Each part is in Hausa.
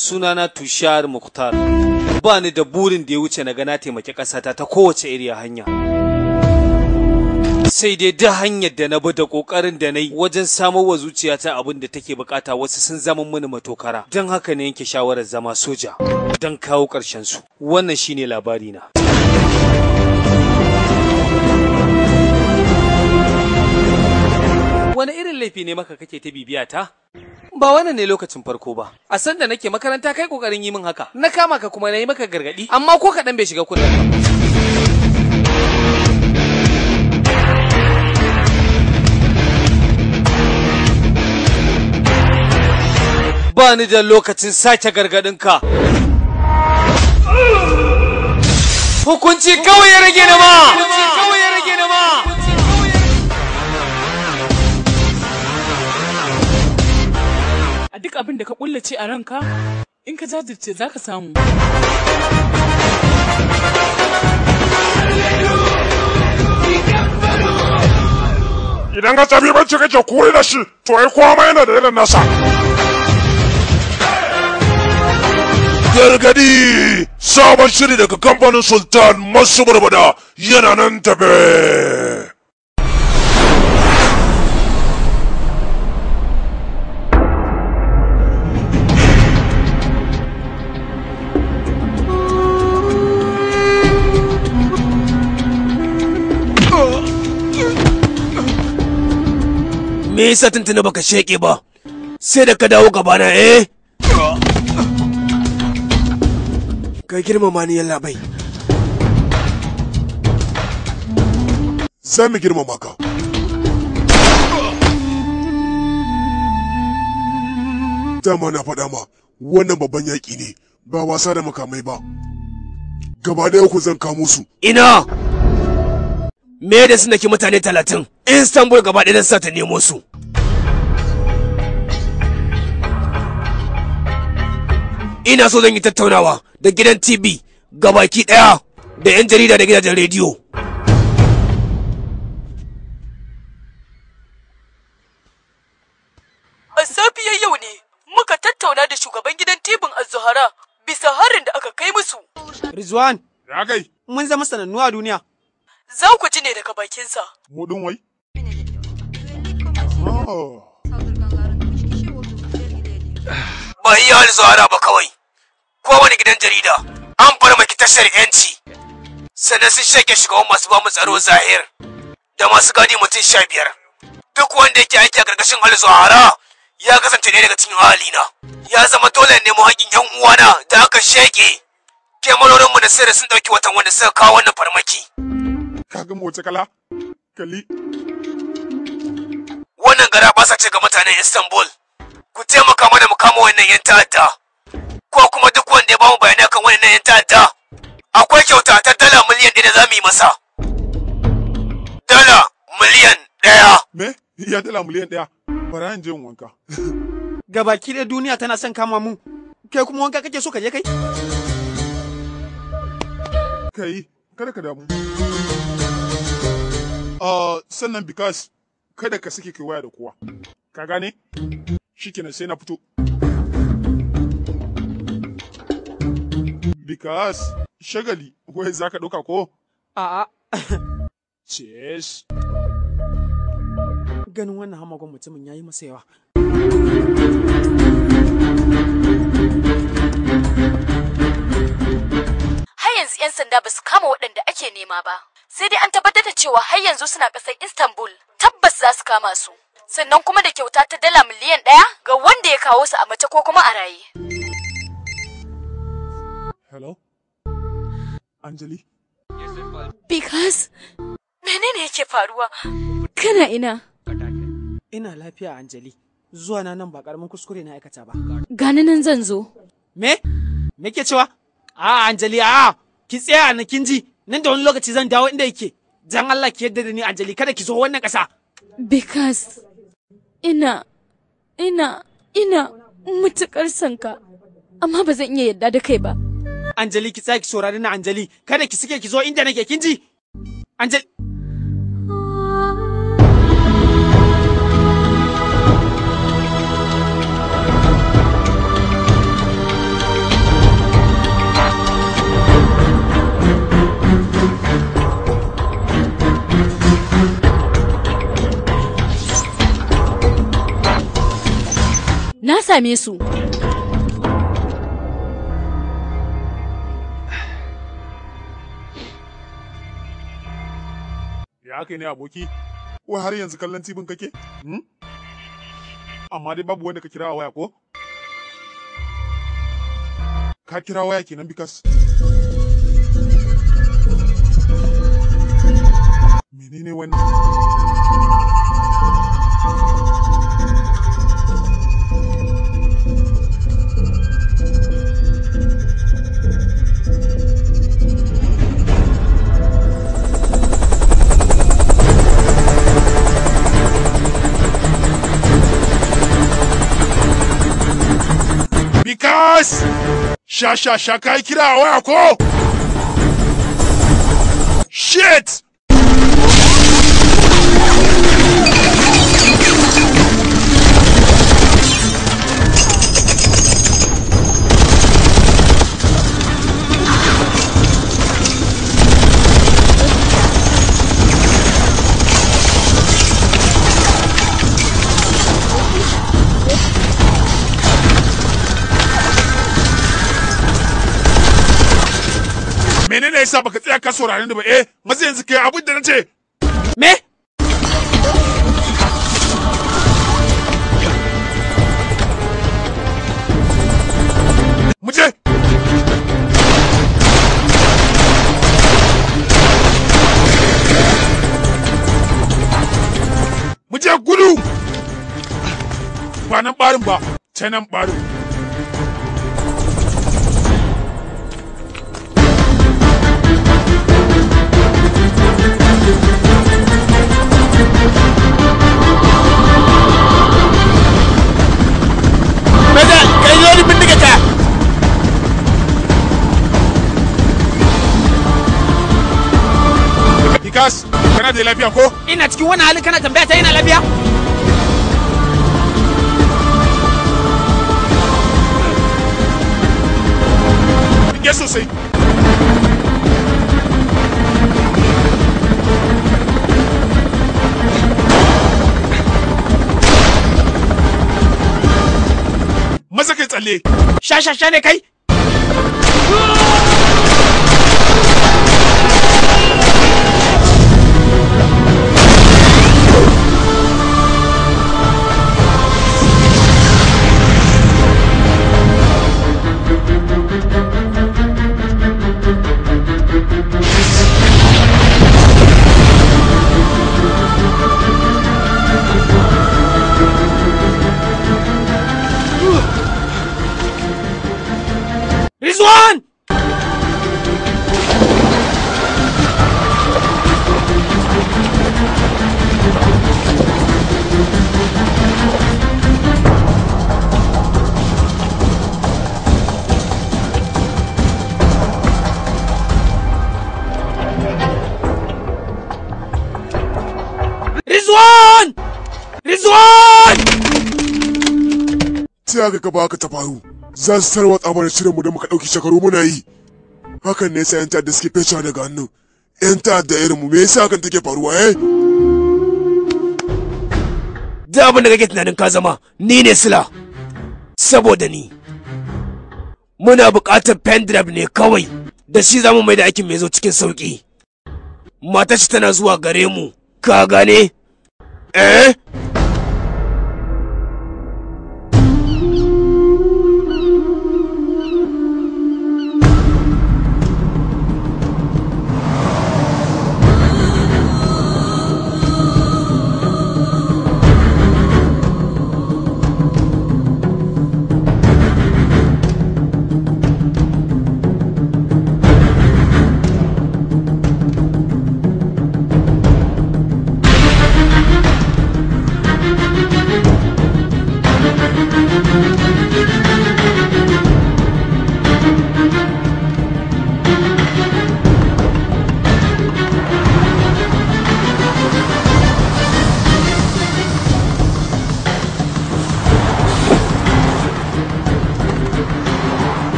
sunana tushar muktar ba ni da burin da ya wuce na gana taimaki ƙasata ta kowace iriya hanya sai dai da hanyar da na bi da ƙoƙarin da na yi wajen samar wa zuciyata abin da take bukata wasu sun zama mini matokara don haka ne yanke shawarar zama soja don kawo ƙarshen su wannan shine na. wani irin laifi ne maka kake ta bibiya ta? Ba wannan ne lokacin farko ba. A san da nake makaranta kai kokarin yi min haka. Na kama ka kuma na yi maka gargadi, amma ko kaɗan bai shiga kudin ba. ni da lokacin sake gargadinka. Hukunci kawai ya rage na ma! a duk abin da ka kullace a ranka in ka jajirce za ka samu. Idan ka tafi bacci kake kuri da shi, to ai kowa yana da irin nasa. Gargadi sabon shiri daga kamfanin Sultan Masu Barbada yana nan tafe. me yasa tuntuna baka sheke ba sai da ka dawo gabana eh ka girmama ni yalla bai sai mu girmama ka dama na faɗa ma wannan babban yaƙi ne ba wasa da makamai ba gaba ɗaya ku zan kamo su ina me da sunaki mutane talatin istanbul gaba ɗaya sa ta nemo su ina so zan yi tattaunawa da gidan tv baki ɗaya da 'yan jarida da gidajen rediyo a safiyar yau ne muka tattauna da shugaban gidan tibin azuhara bisa harin da aka kai musu rizwan mun zama sanannu a duniya za ku ji ne daga bakinsa mu wai ba iya zuwa ba kawai wani gidan jarida an farmaki tashar yanci sannan sun shake shugaban masu ba mu tsaro zahir da masu gadi mutum sha biyar duk wanda yake aiki a ƙarƙashin alzuhara ya kasance ne daga cikin halina ya zama dole ne mu haƙƙin yan uwana da aka sheke mu da sirri sun ɗauki watan wanda suka kawo wannan farmaki ka mota kala kali wannan gara ba sa ce ga mutanen istanbul ku taimaka mana mu kama wannan yan ta'adda ko kuma duk wanda ya bamu bayanai kan wannan yan ta'adda akwai kyauta ta dala miliyan ɗaya da za mu yi masa dala miliyan ɗaya me ya dala miliyan ɗaya bara an je wanka gabaki ɗaya duniya tana son kama mu kai kuma wanka kake so ka je kai kai kada ka damu Uh, sannan because kada ka sake kai waya da kowa ka gane shikenan sai na fito Because shagali wai zaka ɗauka ko? A'a. Cheers. Ganin wannan hamagon mutumin ya yi masa yawa. Har yanzu 'yan sanda ba su kama waɗanda ake nema ba. Sai dai an tabbatar da cewa har yanzu suna ƙasar Istanbul. Tabbas za su kama su. Sannan kuma da kyauta ta dala miliyan ɗaya ga wanda ya kawo su a mace ko kuma a raye. Hello Anjali? Because menene yake faruwa? Kana ina? Ina lafiya Anjali. Zuwa na nan ba karamin kuskure na aikata ba. Gani nan zan zo. Me? Me ke cewa? A Anjali a ki tsaya na kin ji. Nan da wani lokaci zan dawo inda yake. Dan Allah ki yadda da ni Anjali kada ki zo wannan ƙasa. Because ina ina ina mutukar sanka amma ba zan iya yadda da kai ba. Anjali ki tsaki saurari na Anjali kada ki sike ki zo inda nake kin ji Anjali Na same su. aka yi ne aboki ko har yanzu kallon tibin kake hmm? amma dai babu wanda ka kira a waya ko ka kira waya kenan bikas menene wannan Bikas! Sha sha sha kai kira waya ko? Shit! ya sa baka tsaya ka saurare ni ba eh maza yanzu kai abin da nace me Muje! Muje gudu! Ba nan ɓarin ba, sai nan ɓarin. Vikas, kana da lafiya ko? Ina cikin wani hali kana tambaya ta yana lafiya? Rike sosai. shashasha ne kai sai aka gaba aka ta faru za su tarwa mana shirin mu da muka ɗauki shekaru muna yi hakan ne sai yan ta'adda suke fesha daga hannun yan ta'adda irin mu me yasa hakan take faruwa eh da abin da kake tunanin ka zama ni ne sila saboda ni muna buƙatar pendrive ne kawai da shi zamu mai da aikin mai zo cikin sauƙi matar shi tana zuwa gare mu ka gane eh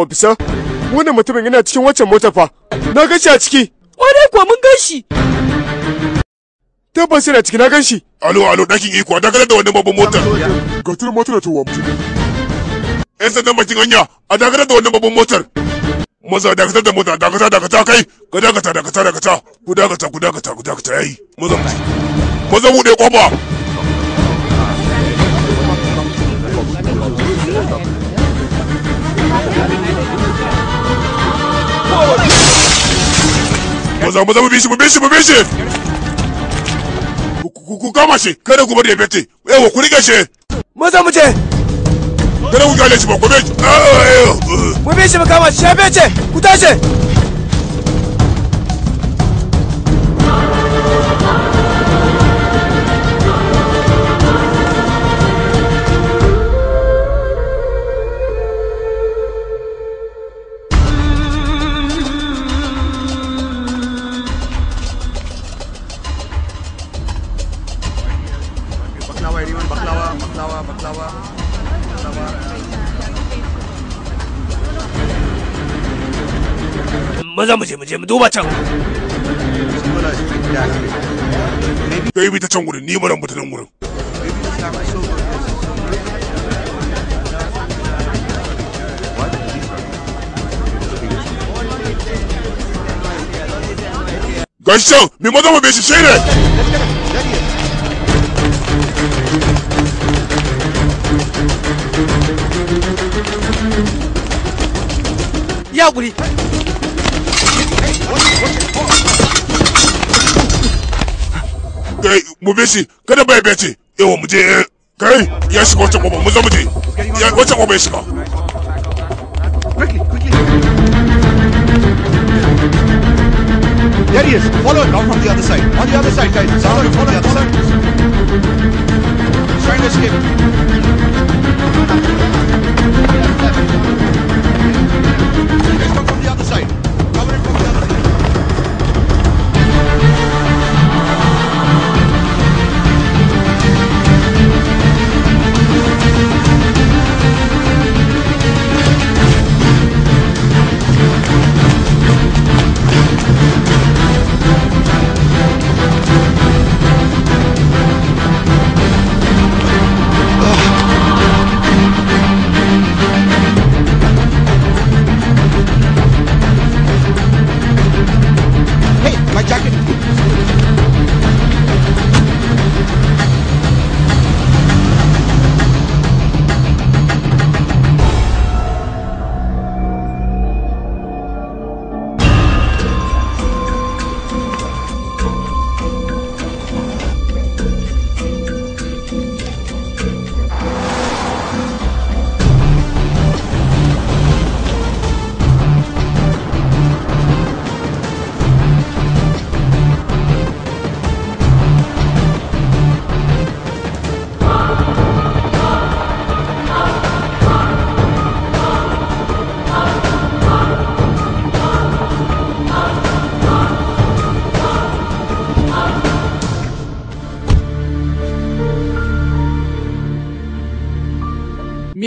Ofisa, wannan mutumin yana cikin waccan motar fa. Na ga shi a ciki. Ƙwarai kuwa mun gan shi. Tabbas yana ciki na gan shi. Alo alo ɗakin iko a dakatar da wannan babban motar. Ga tun motar ta wa mutum. ‘Yan sandan bakin hanya a dakatar da wannan babban motar. Maza dakatar da mota dakata dakata kai ka dakata dakata dakata ku dakata ku dakata ku dakata yayi maza mutum. Maza buɗe ƙofa. Thank you. maza maza mu bishi mu bishi mu bishi ku kama shi kada ku bari ya fete yawa ku rike shi maza mu je kada ku gale shi ba ku mu bi mu kama shi ya fete ku tashi Maza mu je mu je mu duba can. Kai bi ta can gurin, ni ba nan mutanen gurin. Gashi can, me maza mu bai shi shaidar. ya guri mu bi shi kada bai bai ce yawa mu je eh, kai ya shiga wacce kofa mu zama je ya wacce kofa ya shiga There he is. Follow him. Down from the other side. On the other side, guys. Down from the other side. He's trying to escape.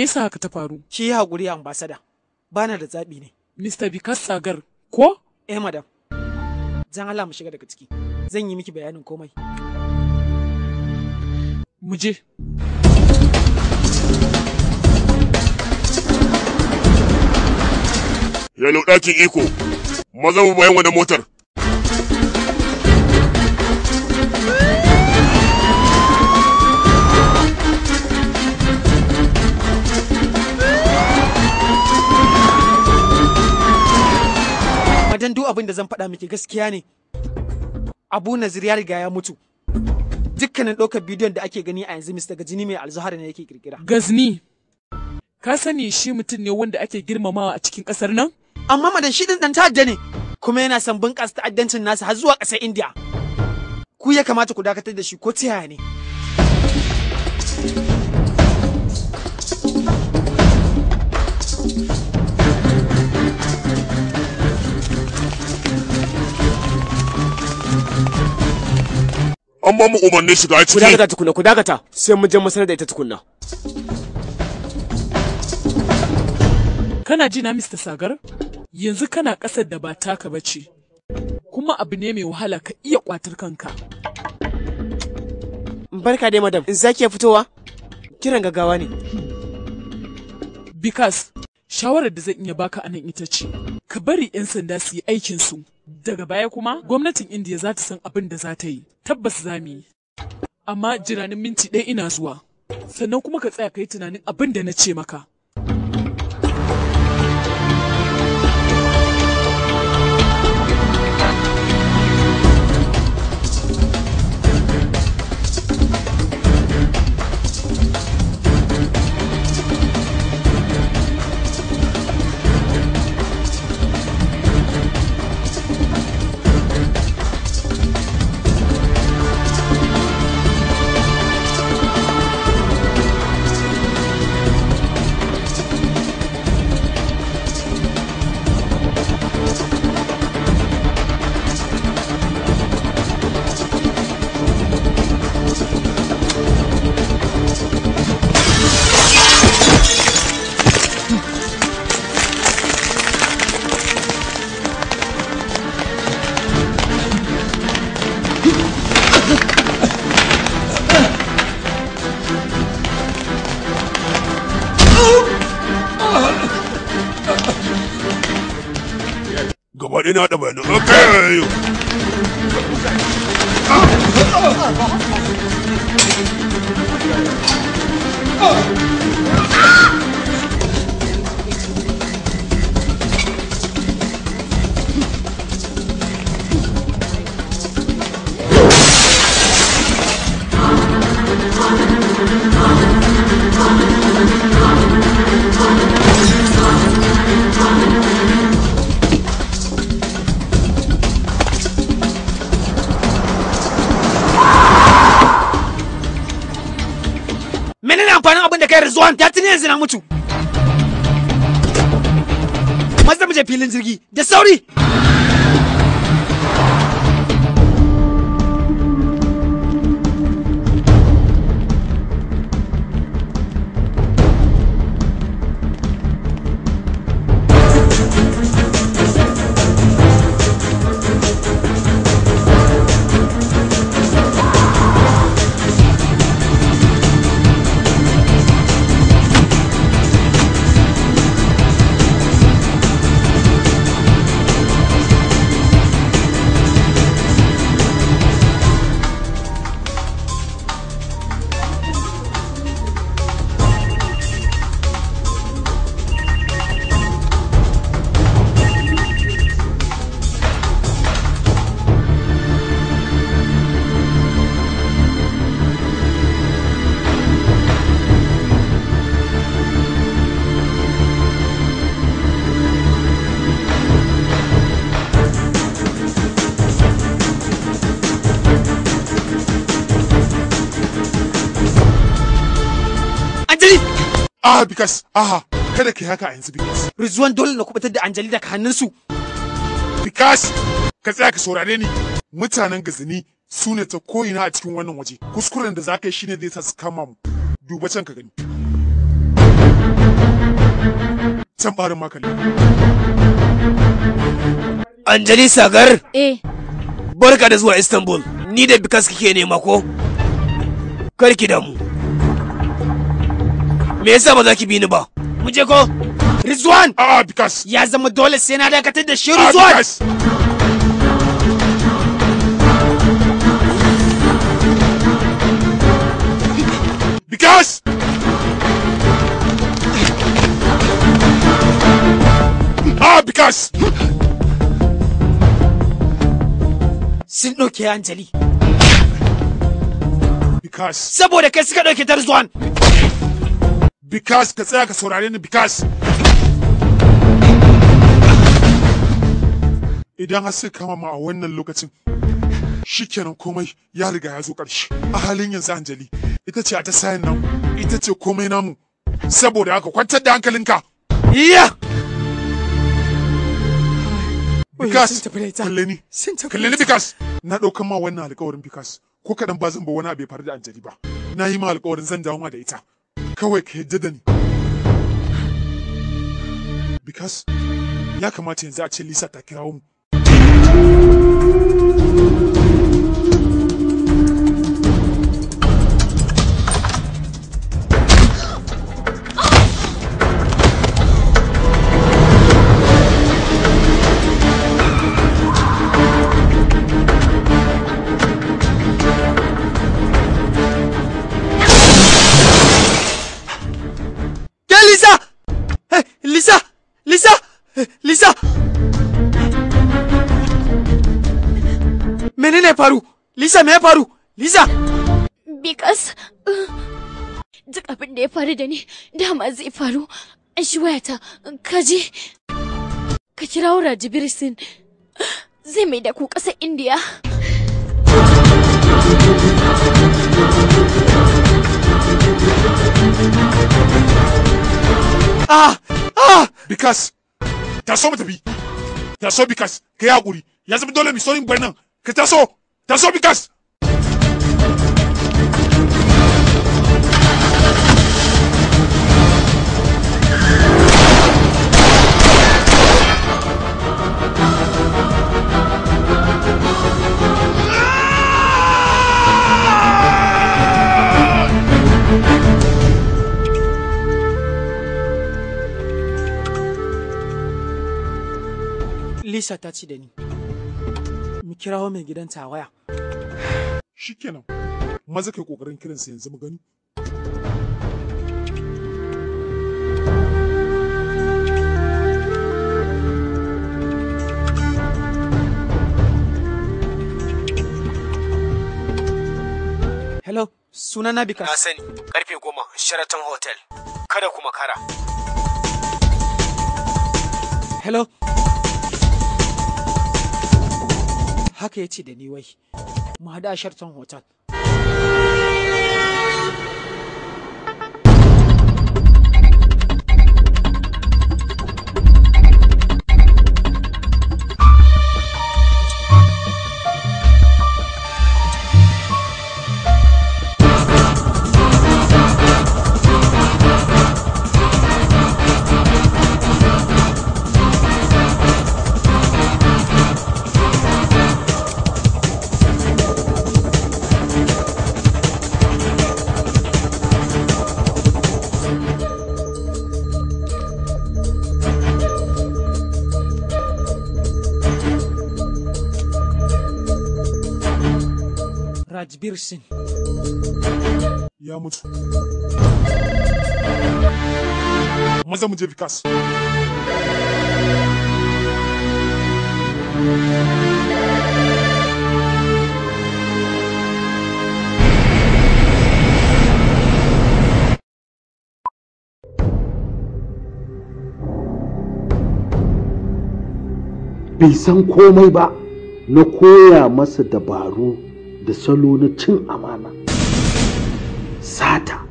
me yasa haka ta faru? Shi ya haƙuri ambasada, bana da zaɓi ne. Mr. Bikas Sagar, ko? Eh madam. Zan Allah mu shiga daga ciki, zan yi miki bayanin komai. Mu je. Yalo dakin iko, maza mu bayan wani motar. don duk abin da zan faɗa miki gaskiya ne abu nazir ya riga ya mutu dukkanin ɗaukar bidiyon da ake gani a yanzu mista gajini mai alzahara ne yake kirkira gazni ka sani shi mutum ne wanda ake girmamawa a cikin ƙasar nan amma madan shi din dan ta'adda ne kuma yana son bunƙasa ta'addancin nasa har zuwa ƙasar indiya ku ya kamata ku dakatar da shi ko ta yaya ne an ba mu umarnin shiga ciki ku dakata tukuna ku dakata sai mu je mu sanar da ita tukunna kana ji na Mr. Sagar yanzu kana ƙasar da ba taka ba ce kuma abu ne mai wahala ka iya kwatar kanka barka dai madam in zaki fitowa kiran gaggawa ne Bikas, shawarar da zan iya baka anan ita ce, ka bari 'yan sanda su yi aikinsu daga baya kuma gwamnatin indiya za ta san abin da za ta yi tabbas za mu yi amma jiranin minti ɗaya ina zuwa sannan kuma ka tsaya ka yi tunanin abin da na ce maka Okay. eğlenceli Ah, because, ah, kada ka haka a yanzu because. Rizwan dole na kubutar da Anjali daga hannunsu. Because, ka tsaya ka saurare ni. Mutanen gazini su ne ta ko'ina a cikin wannan waje. Kuskuren da za ka yi zai sa su kama mu. Duba can ka gani. Can barin makali. Anjali Sagar? Eh. Barka da zuwa Istanbul. Ni da Bikas kike nema ko? Kar ki damu. me yasa ba za ki bini ba mu je ko Rizwan a'a bikas. ya zama dole sai na dakatar da shi Rizwan bikas. Ah, bikas. sun ɗauke Anjali. Because saboda kai suka ɗauke rizwan. Bikas ka tsaya ka saurare ni Bikas. Idan har suka kama ma a wannan lokacin shikenan komai ya riga ya zo ƙarshe. A halin yanzu Anjali ita ce a ta sayan nan ita ce komai namu saboda haka kwantar da hankalinka. Iya! Bikas, kalle ni, Bikas. Na ɗaukan ma wannan alƙawarin Bikas, ko kaɗan ba zan ba wani abu ya faru da Anjali ba. Na yi ma alƙawarin zan dawo ma da ita. kawai ka yadda da ni because ya kamata yanzu a ce lisa ta kirawo mu Lisa! ne faru? Lisa me faru? Lisa! bikas. Uh, duk abin da ya faru da ni dama zai faru. An shi wayata, kaji, ka kira wura jibirisin zai mai da ku ƙasar Indiya. Ah! Ah! Because taso mu tafi taso bikas ka yi hakuri ya dole mu so yin nan ka taso taso bikas Aisha ta ci da ni. Mu kirawo mai gidan ta waya. Shikenan. Maza kai kokarin kiransa yanzu mu gani. Hello, na Bika. Na sani, karfe goma, Sheraton Hotel. Kada kuma kara. Hello. haka ya ce da ni wai mu haɗu a sharton hotel Birsin. Ya mutu. Maza mu je Vikas. bai san komai ba na koya masa dabaru da salo na cin amana sata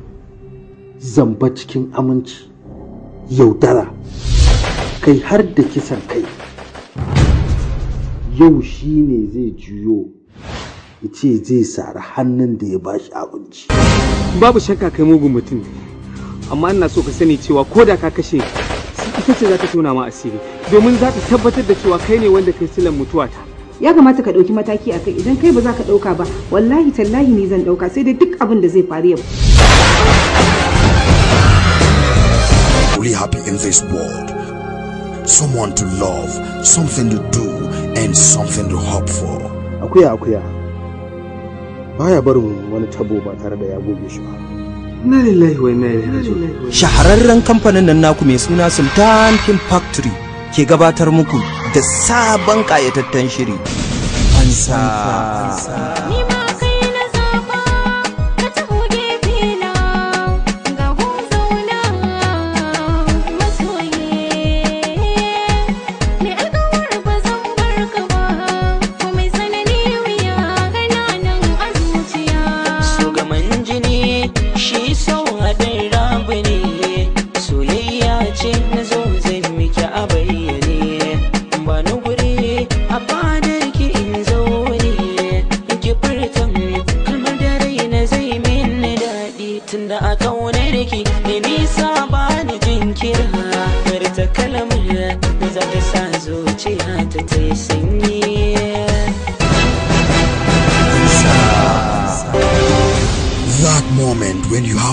zamba cikin aminci yaudara kai har da kisan kai yau shi ne zai juyo ya ce zai sari hannun da ya ba shi abinci babu shakka kai mugun mutum amma ina so ka sani cewa ko da ka kashe ita ce za ta tona ma asiri domin za ta tabbatar da cewa kai ne wanda kai silan mutuwata ya kamata ka ɗauki mataki a kai idan kai ba za ka ɗauka ba wallahi tallahi ni zan ɗauka sai dai duk abin da zai faru yau. Only happy in this world, someone to love, something to do, and something to hope for. Akuya akuya, baya barin wani tabo ba tare da ya goge shi ba. Na lillahi wa na ilaihi Shahararren kamfanin nan naku mai suna Sultan Kim Factory. ke gabatar muku da sabon ƙayataccen shiri. Ansa.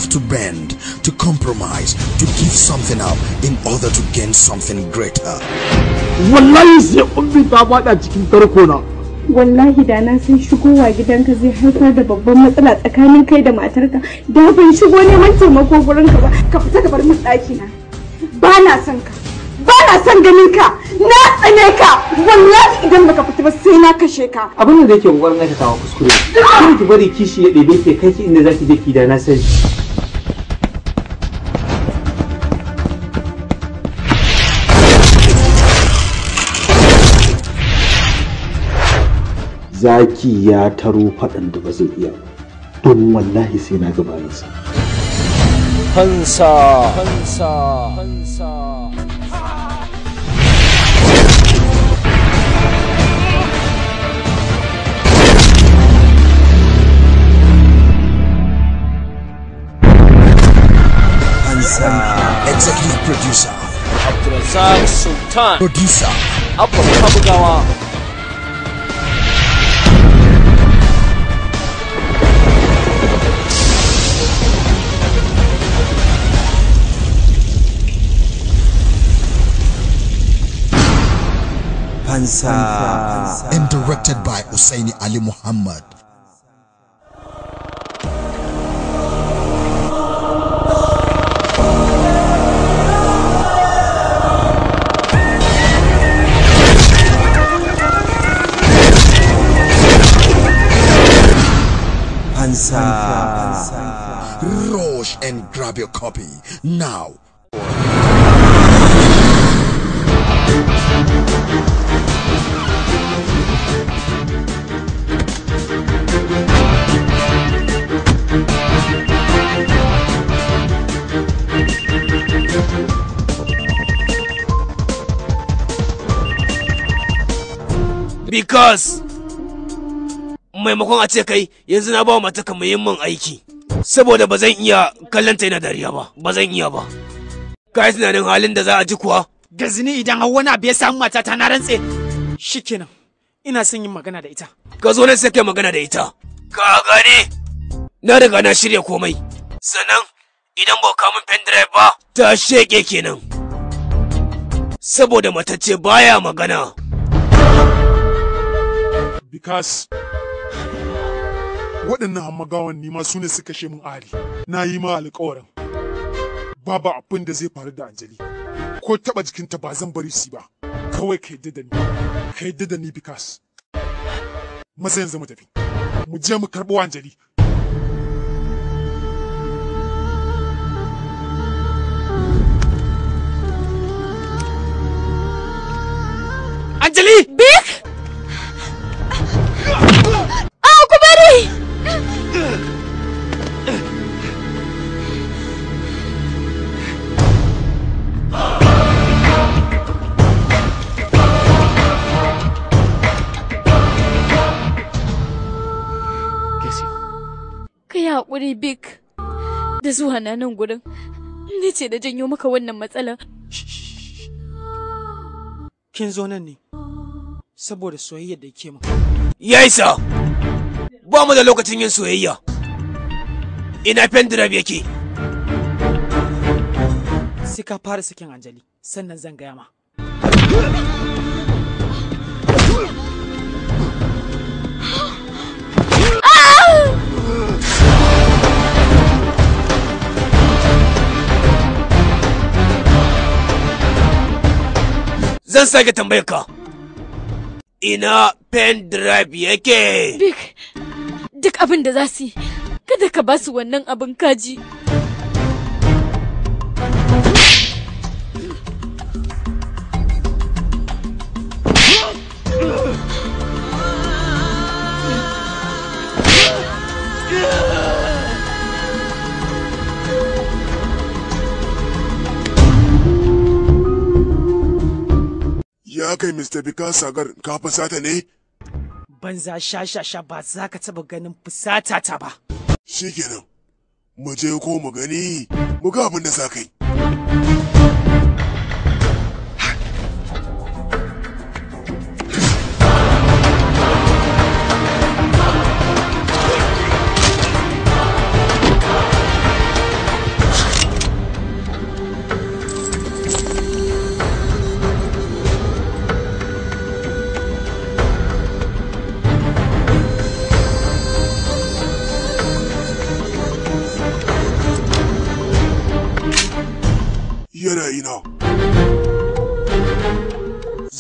to bend, to compromise, to give something up in order to gain something greater. Wallahi sai ummi ta bada cikin tarko na. Wallahi da na san wa gidanka zai haifar da babban matsala tsakanin kai da matarka. Da ban shigo neman taimako gurin ka ba, ka fita ka bar min ɗaki na. Ba na son ka. Ba na son ganin ka. Na tsane ka. Wallahi idan baka fita ba sai na kashe ka. Abin da yake gwarin aikatawa kuskure. Kar ki bari kishi ya ɗebe ke kai inda zaki je ki da na sani. zaki ya taro faɗan da ba zai iya don wallahi sai na gabaninsa hansa hansa hansa Hansa Executive Producer Abdulazak Sultan Producer Abba Kabugawa Answer. And directed by Hussein Ali Muhammad. Answer. Answer. Rush and grab your copy now. because maimakon a ce kai yanzu na ba wa mataka muhimmin aiki saboda ba zan iya kallon ta yana dariya ba ba zan iya ba ka yi tunanin halin da za a ji kuwa gazini idan har wani abu ya samu matata na rantse shi shikenan ina son yin magana da ita ka zo nan sai kai magana da ita ka gani? na riga na shirya komai sannan idan ba kamun drive ba ta sheke kenan saboda matacce baya magana Because waɗannan hammagawan nima su ne suka kashe min Ali. Na yi ma alƙawarin. Babu abin da zai faru da Anjali. Ko taɓa jikinta ba zan bari su ba. Kawai ka yadda da ni. Ka yadda da ni Bikas. yanzu mu tafi. Mu je mu karɓo Anjali. Anjali! Bi! haƙuri Big da zuwa na nan gurin. Ni ce da janyo maka wannan matsalar. Kin zo nan ne saboda soyayyar da ke maka. Ya isa! Ba mu da lokacin yin soyayya. Ina pendrive yake. Sai ka fara sakin Anjali, sannan zan gaya ma. zan sake tambayar ka ina pen drive yake big duk abin da za su yi kada ka ba su wannan abin kaji zaka aka yi Mr. Bika Sagar ka fusata ne? Banza shashasha ba za ka taba ganin fusata ta ba. Shikenan, mu je ko mu gani, mu ga abin da za ka yi.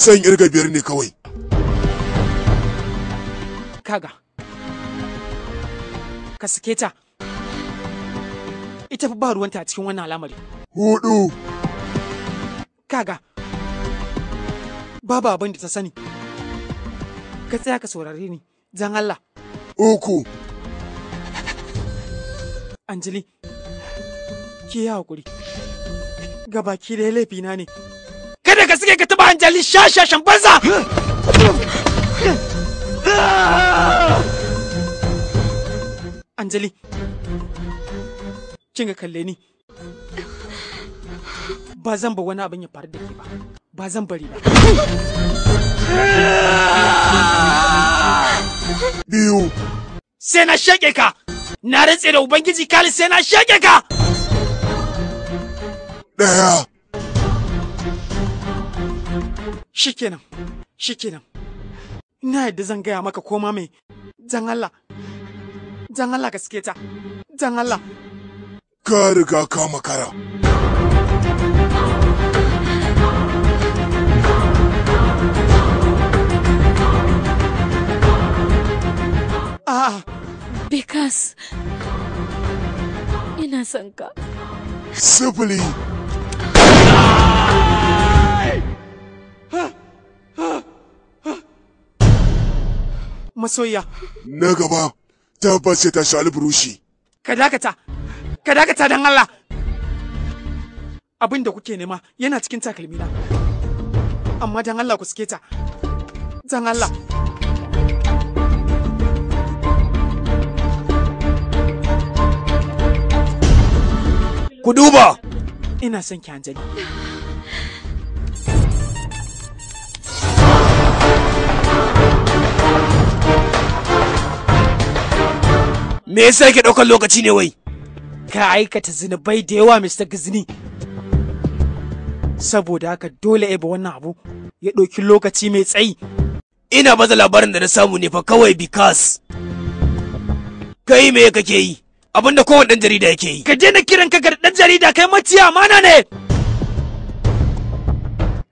san irga biyar ne kawai kaga ka sake ta ita fi ba ruwanta a cikin wannan al'amari hudu kaga babu abin da ta sani ka tsaya ka saurari ni zan Allah uku Anjali, ki yi haƙuri, gabaki da laifina ne. daga suke ka taba hanjali shashashan banza Anjali, ga kalle ni. Ba zan ba wani abin ya faru da ke ba, ba zan bari ba. Biyu. Sai na shaƙe ka, na rantse da Ubangiji kali sai na shaƙe ka. Ɗaya. shikenan shikenan ina yadda zan gaya maka koma mai dan Allah dan Allah gaske ta dan Allah ka riga ka makara ah Bekas, ina son ka. Sifili. Masoya. Na gaba, tabbas ta shali burushi. Ka dakata, ka dakata don Allah. Abin da kuke nema yana cikin takalmina. Amma don Allah ku suke ta. Don Allah. Ku duba! Ina son ki Anjali. me yasa yake ɗaukar lokaci ne wai ka aikata zinubai da yawa mr gizini saboda haka dole eba wannan abu ya ɗauki lokaci mai tsayi ina baza labarin da na samu ne fa kawai bikas kai me kake yi abinda da kowane ɗan jarida yake yi ka na kiran ka ga ɗan jarida kai maciya mana ne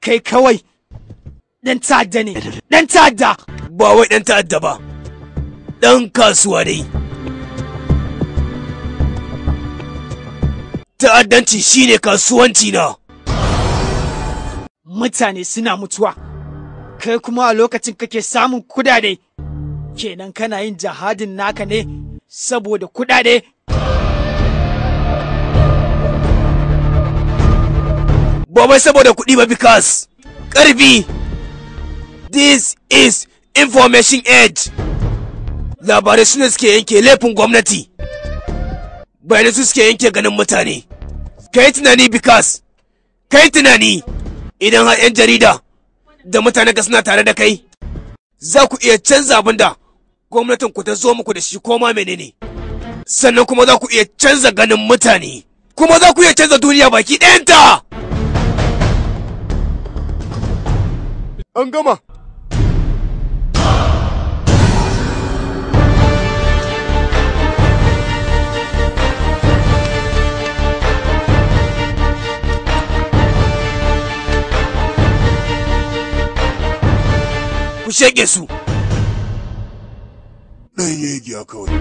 kai kawai ɗan ta'adda ne ɗan ta'adda ba wai ɗan ta'adda ba ɗan kasuwa dai ta'addanci shine kasuwanci na mutane suna mutuwa kai kuma a lokacin kake samun kudade kenan kana yin jihadin naka ne saboda kudade ba saboda kuɗi ba because ƙarfi this is information age labarai suna suke yanke laifin gwamnati bayanai su suke yanke ganin mutane kai tunani bikas kai tunani idan har 'yan jarida da mutane ka suna tare da kai za ku iya canza abin da gwamnatin ku ta zo muku da shi koma menene sannan kuma za ku iya canza ganin mutane kuma za ku iya canza duniya baki ɗayanta an gama shege su ɗan yegiya kawai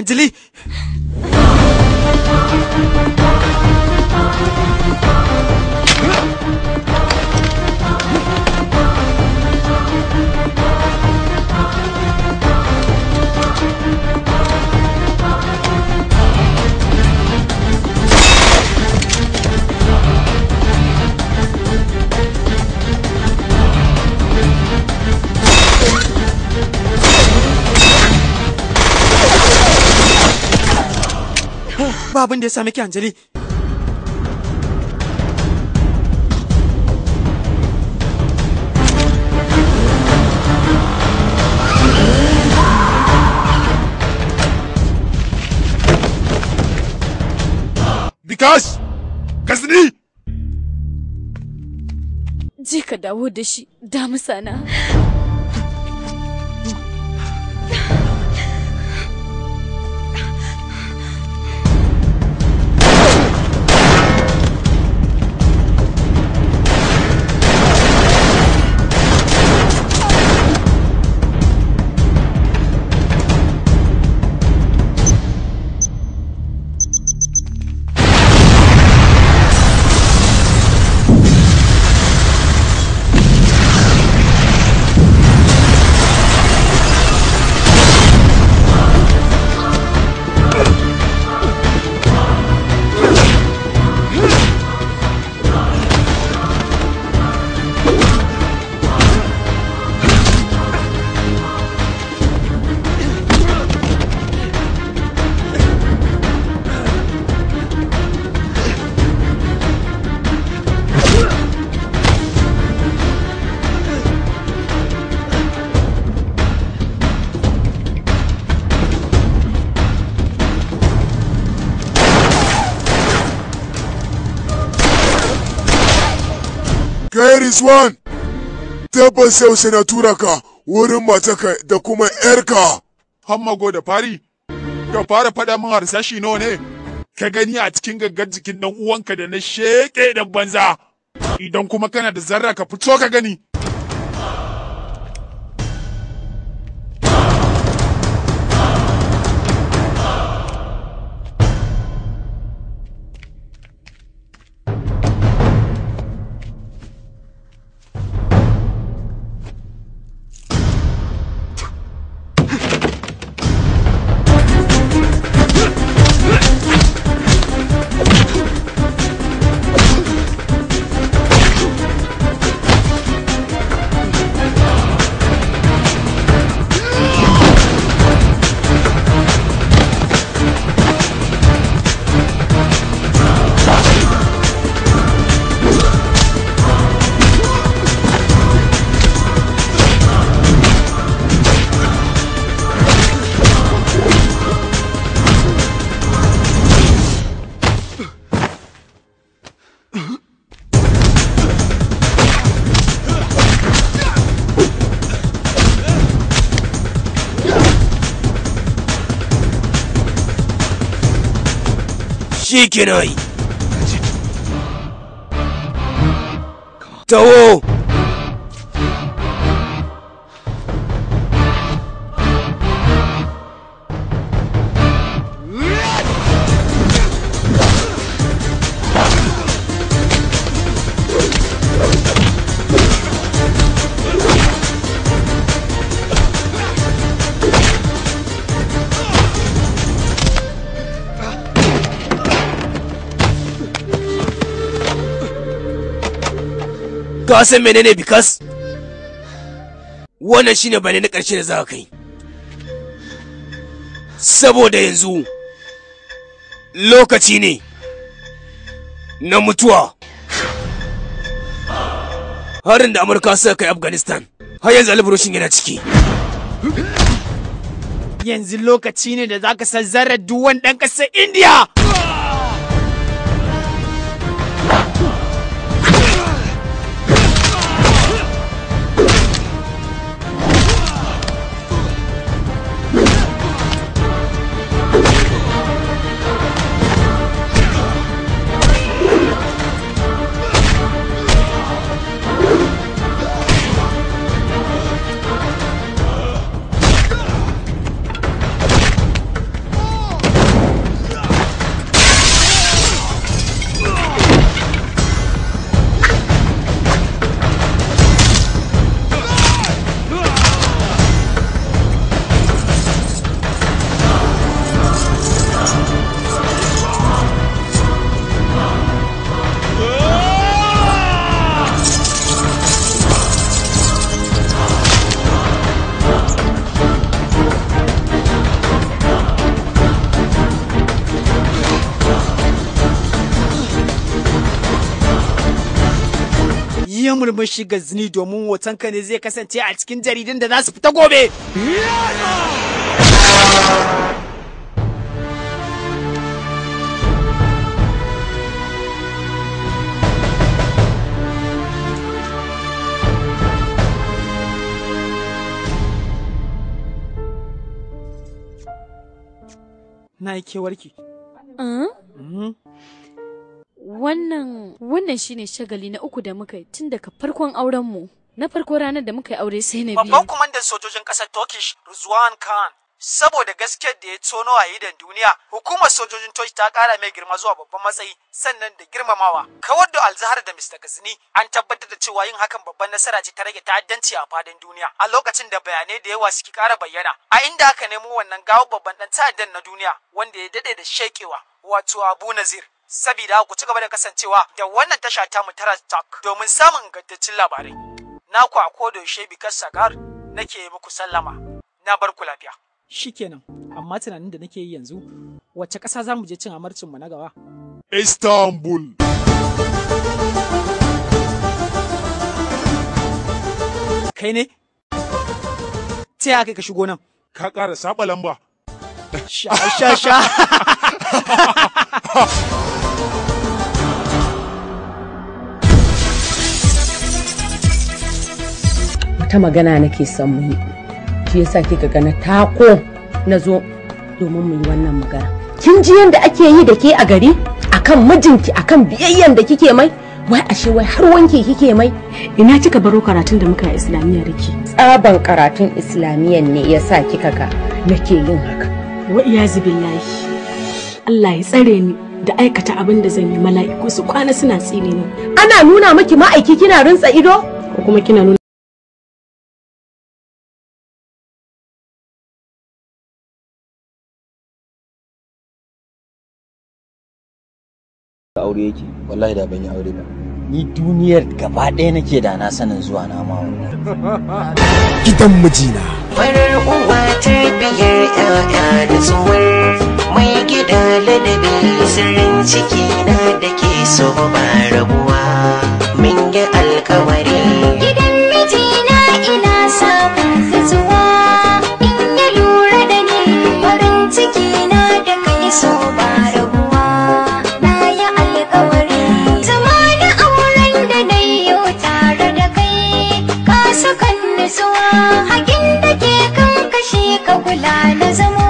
Anjali, ba abin da ya sami ki Anjali Bikash! Kasni! Je ka dawo da shi, sana. one. tabbas yau sai na tura ka wurin mataka da kuma ‘yarka. Hammago da fari, ka fara faɗa min harsashi nawa ne, ka gani a cikin gaggar jikin ɗan uwanka da na sheƙe da banza. Idan kuma kana da zarra ka fito ka gani. けない。どう ka san menene bikas wannan shine bane na ƙarshe da za ka kai saboda yanzu lokaci ne na mutuwa harin da amurka suka kai afghanistan har yanzu alburushin yana ciki yanzu lokaci ne da za ka san zarar duwan ɗan ƙasar indiya yi murmushi ga zini domin hotonka ne zai kasance a cikin jaridun da za su fita gobe. Na yi kewarki. Hmm? Hmm? wannan wannan shine shagali na uku da muka yi tun daga farkon auren na farko ranar da muka yi aure sai na biyu babban kwamandan sojojin kasar turkish ruzwan khan saboda gaskiyar da ya tono a idan duniya hukumar sojojin turkish ta kara mai girma zuwa babban matsayi sannan da girmamawa kawar da alzahar da mr gazni an tabbatar da cewa yin hakan babban nasara ce ta rage ta'addanci a fadin duniya a lokacin da bayanai da yawa suke kara bayyana a inda aka nemo wannan gawo babban dan ta'addan na duniya wanda ya dade da shekewa wato abu nazir Sabida ku ci gaba da kasancewa da wannan tasha ta mu tara talk domin samun gaddacin labarai. Na ku a kodayaushe bikas sagar nake muku sallama. Na bar ku lafiya. Shikenan, amma tunanin da nake yi yanzu wacce ƙasa za mu je cin amarcin mu na gaba? Istanbul. Kai ne? Ta yaya ka shigo nan? Ka ƙara saɓa lamba. Sha sha sha. wata magana nake son mu yi shi yasa kika ga na tako na zo domin mu yi wannan magana kin ji yanda ake yi da ke a gari akan mijinki akan biyayyen da kike mai wai ashe wai har wanke kike mai ina kika baro karatun da muka islamiyya riki? tsaban karatun islamiyya ne yasa kika ga nake yin haka wa iyazu billahi Allah ya tsare ni da aikata abin da zan yi mala'iku su kwana suna tsini ni ana nuna miki ma'aiki kina rinsa ido ko kuma kina nuna aure yake wallahi da ban yi aure ba ni duniyar gaba ɗaya nake da na sanin zuwa na ma gidan mijina farar uwa ta biyar ƴaƴa da mai gida ladabi sirrin ciki na da ke so ba rabuwa mun yi alkawari hakin da ke kan kashe ka kula na zamo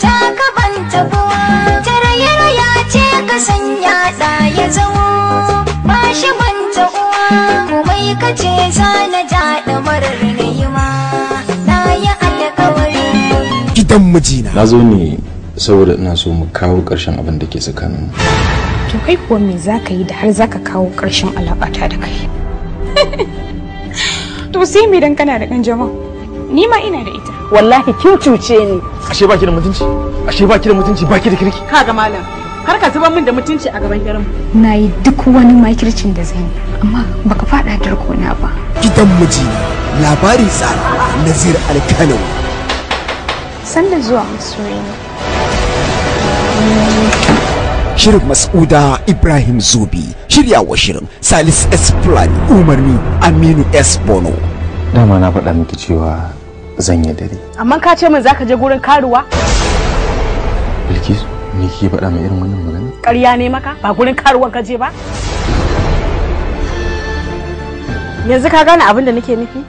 ta ban tabuwa ta ya ce ka sanya ɗa ya zamo ba shi banta uwa mai ka ce za na jaɗa marar na yi ma na yi alkawari gidan mijina na zo ne saboda ina so mu kawo karshen abin da ke tsakaninmu to kai kuwa me za ka yi da har za ka kawo ƙarshen alaƙata da kai to sai me dan kana da kanjamau ni ma ina da ita wallahi kin cuce ni ashe baki da mutunci ashe baki da mutunci baki da kirki kaga malam kar ka zuba min da mutunci a gaban garin na yi duk wani makircin da zan yi amma baka fada darko na ba gidan miji labari tsara nazir alkano sanda zuwa masoyi Shirin Mas'uda Ibrahim Zubi shiryawa shirin salis s fulani umarni aminu s bono dama na faɗa miki cewa zan yi dare amma ka ce min zaka je gurin karuwa bilkisu ne ke faɗa mai irin wannan magana ƙarya ne maka ba gurin karuwan ka je ba yanzu ka gane abin da nake nufi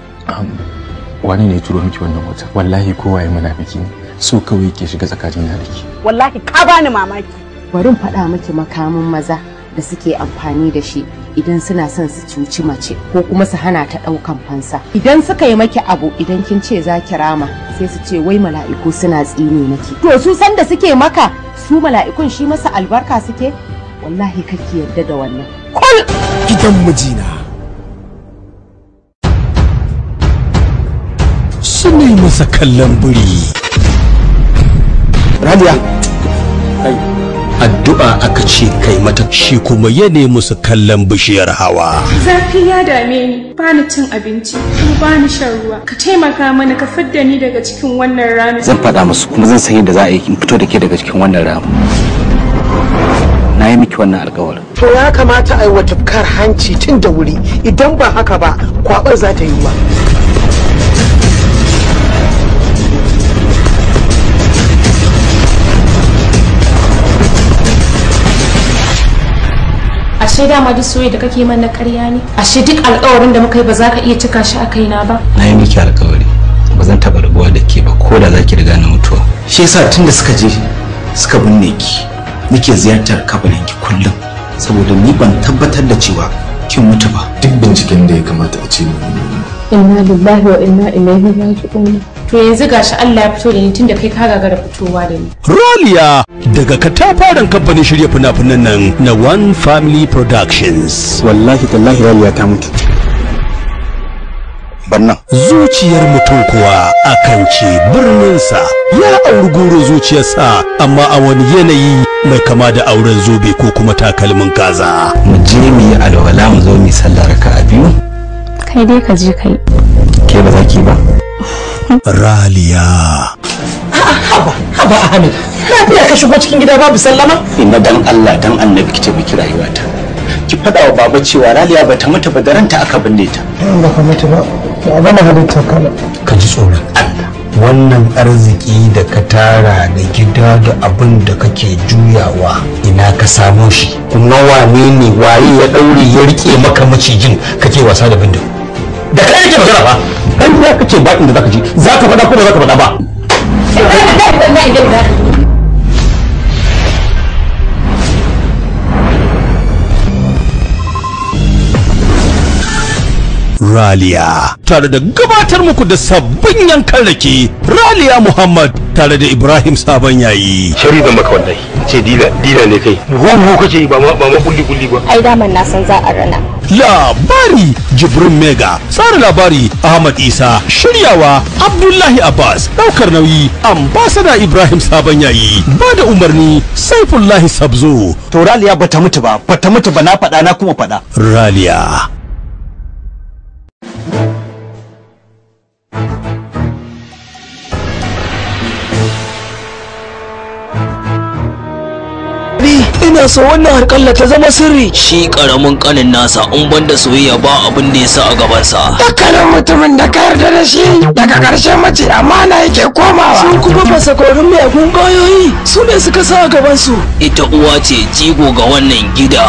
wani ne turo miki wannan wata wallahi kowa ya mana biki ne so kawai ke shiga tsakanin da ke wallahi ka bani mamaki bari in faɗa miki makamin maza da suke amfani da shi idan suna son su cuci mace ko kuma su hana ta ɗaukan fansa idan suka yi maki abu idan kin ce za ki rama sai su ce wai mala'iku suna tsine maki to su san da suke maka su mala'ikun shi masa albarka suke wallahi kake yarda da wannan kul gidan mijina su ne masa kallon buri radiya addu'a aka ce kai mata shi kuma ya nemi su kallon bishiyar hawa zafi ya dame ni ba ni cin abinci kuma ba ni shan ruwa ka taimaka mana ka fidda ni daga cikin wannan rami zan faɗa musu kuma zan san yadda za a yi in fito da ke daga cikin wannan rami na yi miki wannan alƙawar. to ya kamata a yi wa hanci tun da wuri idan ba haka ba kwaɓar za ta yi ba ashe dama duk soyayya da kake mana ƙarya ne ashe duk alƙawarin da muka yi ba za ka iya cika shi a kai na ba na yi miki alƙawari ba zan taɓa rabuwa da ke ba ko da za ki riga na mutuwa shi yasa tun da suka je suka binne ki nake ziyartar kabarin ki kullum saboda ni ban tabbatar da cewa kin mutu ba duk binciken da ya kamata a ce mu inna lillahi wa inna ilaihi raji'un to yanzu gashi Allah ya fito da ni tunda kai ka gagara fitowa da ni Roliya daga katafaren kamfanin shirya fina-finan nan na One Family Productions wallahi tallahi Roliya ta mutu bannan. Zuciyar mutum kuwa akan ce birninsa ya auri goro zuciyarsa amma a wani yanayi mai kama da auren zobe ko kuma takalmin kaza. Mu je mu yi alwala mu zo mu sallar ka biyu. Kai dai ka je kai. Ke ba za ki ba. Raliya. Haba, haba Ahmed, lafiya ka shigo cikin gida babu sallama? Ina dan Allah dan annabi ki taimaki rayuwata. Ki fada wa baba cewa Raliya ba ta mutu ba garanta aka binne ta. Ba ka mutu ba, ba bana halitta kala. Ka ji tsoro. Allah. Wannan arziki da ka tara da gida da abin da kake juyawa ina ka samo shi kuma wane ne waye ya ɗaure ya rike maka macijin kake wasa da bindin. Da kai yake magana ba. kai za ka ce ba inda za ka ji za ka faɗa ko ba za ka faɗa ba Raliya tare da gabatar muku da sabbin yankan rake Raliya Muhammad tare da Ibrahim Sabon yayi. Shari zan maka wallahi ce dila dila ne kai. Gugu kace ba ma ba ma kulli kulli ba. Ai daman na san za a rana. Labari Jibrin Mega tsara labari Ahmad Isa shiryawa Abdullahi Abbas daukar nauyi ambasada Ibrahim Sabon yayi ba da umarni Saifullahi Sabzo. To Raliya bata mutu ba bata mutu ba na faɗa na kuma faɗa. Raliya ina so wannan harkalla ta zama sirri shi karamin kanin nasa in banda soyayya ba abin da yasa a gabansa dukkanin mutumin da ka yarda da shi daga karshe mace na yake komawa su kuma mai mayagun ƙwayoyi su ne suka sa a gabansu ita uwa ce jigo ga wannan gida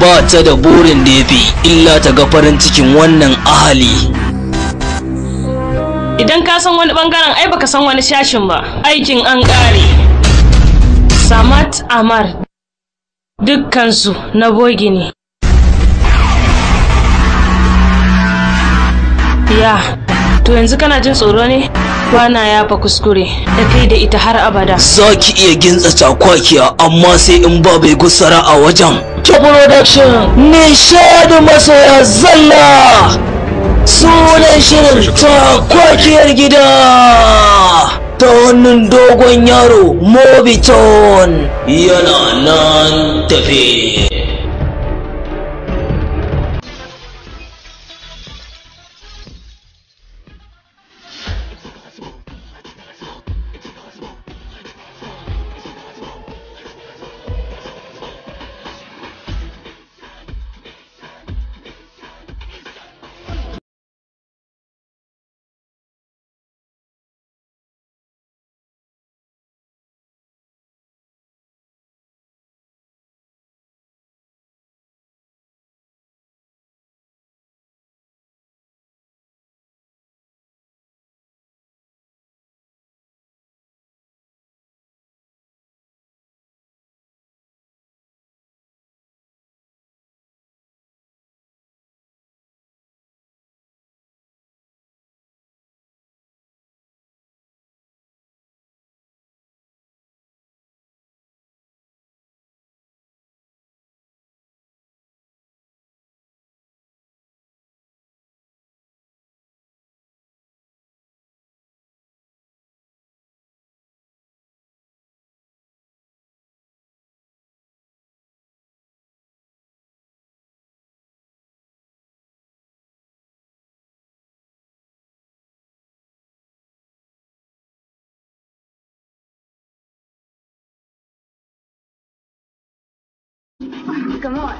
ba ta da burin da yafi illa ta ga farin cikin wannan ahali idan ka san wani bangaren ai baka san wani shashin ba aikin an kare samat amar Dukkansu na bogi ne. Ya, to yanzu kana jin tsoro ne? Kwana ya yafa kuskure, da kai da ita har abada. Za ki iya gintsa cakwakiya amma sai in ba bai gusara a wajen. Ki production nishadi masoya zalla! Sunan shirin cakwakiyar gida! ta hannun dogon yaro mobiton yana nan tafe 感冒。